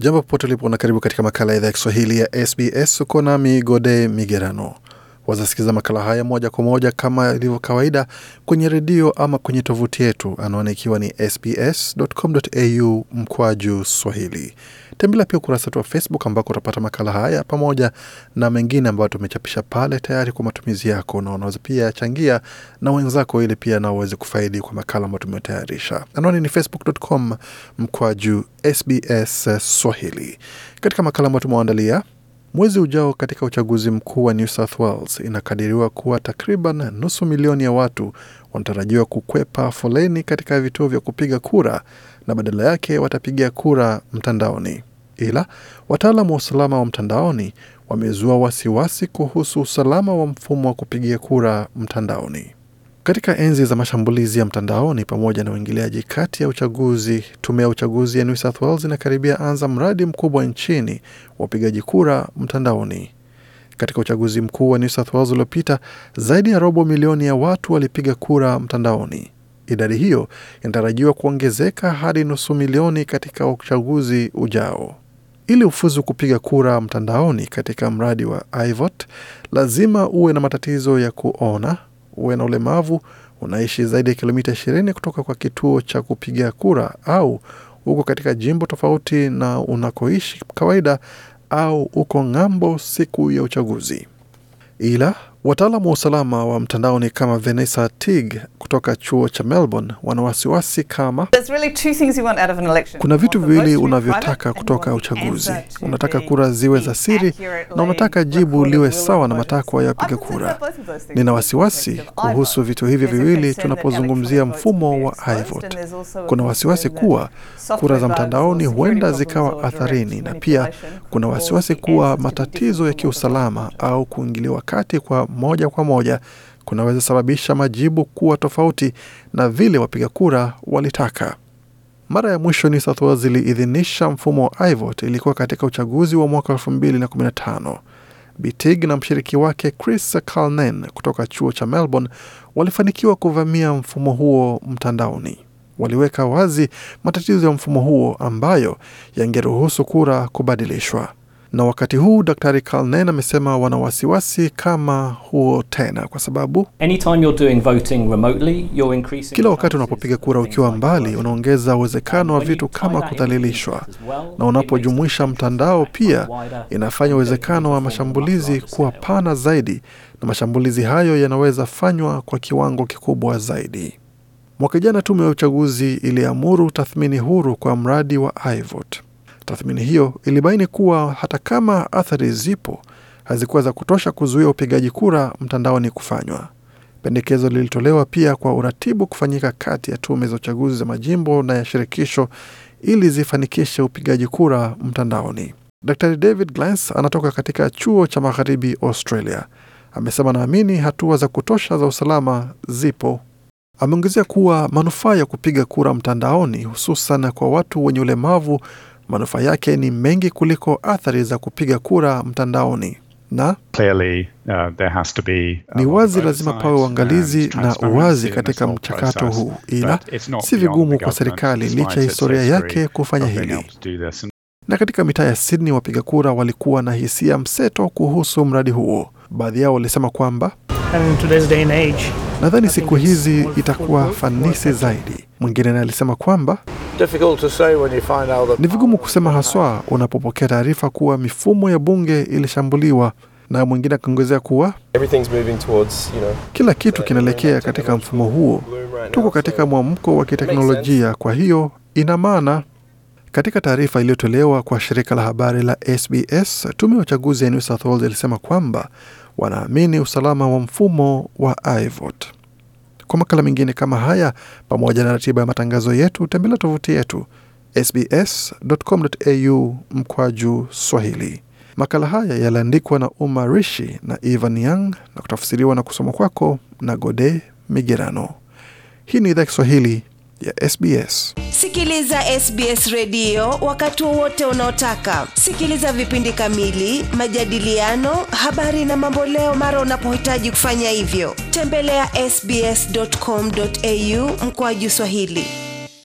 Jambo popote ulipo na karibu katika makala ya idhaa ya Kiswahili ya SBS. Uko nami Gode Migerano. Wazasikiza makala haya moja kwa moja kama ilivyo kawaida kwenye redio ama kwenye tovuti yetu, anwani ikiwa ni sbs.com.au mkwaju swahili. tembela pia ukurasa wetu wa Facebook ambako utapata makala haya pamoja na mengine ambayo tumechapisha pale tayari kwa matumizi yako, na unaweza pia changia na wenzako ili pia nao waweze kufaidi kwa makala ambayo tumetayarisha. Anwani ni facebook.com mkwaju sbs swahili. Katika makala ambayo tumewaandalia Mwezi ujao katika uchaguzi mkuu wa New South Wales, inakadiriwa kuwa takriban nusu milioni ya watu wanatarajiwa kukwepa foleni katika vituo vya kupiga kura na badala yake watapiga kura mtandaoni. Ila wataalam wa usalama wa mtandaoni wamezua wasiwasi kuhusu usalama wa mfumo wa kupigia kura mtandaoni. Katika enzi za mashambulizi ya mtandaoni pamoja na uingiliaji kati ya uchaguzi, tume ya uchaguzi ya New South Wales inakaribia anza mradi mkubwa nchini wa upigaji kura mtandaoni. Katika uchaguzi mkuu wa New South Wales uliopita, zaidi ya robo milioni ya watu walipiga kura mtandaoni. Idadi hiyo inatarajiwa kuongezeka hadi nusu milioni katika uchaguzi ujao. Ili ufuzu kupiga kura mtandaoni katika mradi wa iVote, lazima uwe na matatizo ya kuona uwe na ulemavu, unaishi zaidi ya kilomita ishirini kutoka kwa kituo cha kupiga kura, au uko katika jimbo tofauti na unakoishi kawaida, au uko ng'ambo siku ya uchaguzi. Ila wataalam wa usalama wa mtandaoni kama Vanessa Tig kutoka chuo cha Melbourne wana wasiwasi kama really kuna vitu viwili unavyotaka kutoka uchaguzi. Unataka kura ziwe za siri na unataka jibu liwe sawa na matakwa ya wapiga kura. Nina wasiwasi kuhusu vitu hivi viwili tunapozungumzia mfumo wa iVote. Kuna wasiwasi kuwa kura za mtandaoni huenda zikawa atharini, na pia kuna wasiwasi kuwa matatizo ya kiusalama au kuingiliwa kati kwa moja kwa moja kunaweza sababisha majibu kuwa tofauti na vile wapiga kura walitaka. Mara ya mwisho New South Wales ziliidhinisha mfumo wa iVote ilikuwa katika uchaguzi wa mwaka 2015. Bitig na mshiriki wake Chris calnan kutoka chuo cha Melbourne walifanikiwa kuvamia mfumo huo mtandaoni. Waliweka wazi matatizo ya mfumo huo ambayo yangeruhusu kura kubadilishwa. Na wakati huu Daktari Kalnen amesema wana wasiwasi kama huo tena, kwa sababu kila wakati unapopiga kura ukiwa mbali, unaongeza uwezekano wa vitu kama kudhalilishwa, na unapojumuisha mtandao pia inafanya uwezekano wa mashambulizi kuwa pana zaidi, na mashambulizi hayo yanaweza fanywa kwa kiwango kikubwa zaidi. Mwaka jana tume ya uchaguzi iliamuru tathmini huru kwa mradi wa iVote. Tathmini hiyo ilibaini kuwa hata kama athari zipo, hazikuwa za kutosha kuzuia upigaji kura mtandaoni kufanywa. Pendekezo lilitolewa pia kwa uratibu kufanyika kati ya tume za uchaguzi za majimbo na ya shirikisho ili zifanikishe upigaji kura mtandaoni. Dr David Glance anatoka katika chuo cha magharibi Australia, amesema naamini hatua za kutosha za usalama zipo. Ameongezea kuwa manufaa ya kupiga kura mtandaoni, hususan kwa watu wenye ulemavu, manufaa yake ni mengi kuliko athari za kupiga kura mtandaoni na Clearly, uh, there has to be ni wazi lazima pawe uangalizi na uwazi katika mchakato huu, ila si vigumu kwa serikali licha ya historia yake kufanya hili. Na katika mitaa ya Sydney, wapiga kura walikuwa na hisia mseto kuhusu mradi huo. Baadhi yao walisema kwamba nadhani siku hizi itakuwa fanisi zaidi. Mwingine naye alisema kwamba ni vigumu kusema haswa unapopokea taarifa kuwa mifumo ya bunge ilishambuliwa, na mwingine akaongezea kuwa towards, you know, kila kitu kinaelekea katika mfumo huo. Tuko katika mwamko wa kiteknolojia, kwa hiyo ina maana katika taarifa iliyotolewa kwa shirika la habari la SBS, tume ya uchaguzi ya New South Wales ilisema kwamba wanaamini usalama wa mfumo wa iVote. Kwa makala mengine kama haya, pamoja na ratiba ya matangazo yetu, tembelea tovuti yetu sbs.com.au mkwaju Swahili. Makala haya yaliandikwa na Uma Rishi na Evan Young na kutafsiriwa na kusoma kwako na Gode Migerano. Hii ni idhaa Kiswahili ya SBS. Sikiliza SBS redio wakati wowote unaotaka. Sikiliza vipindi kamili, majadiliano, habari na mambo leo mara unapohitaji kufanya hivyo. Tembelea ya sbs.com.au mkoaji Swahili.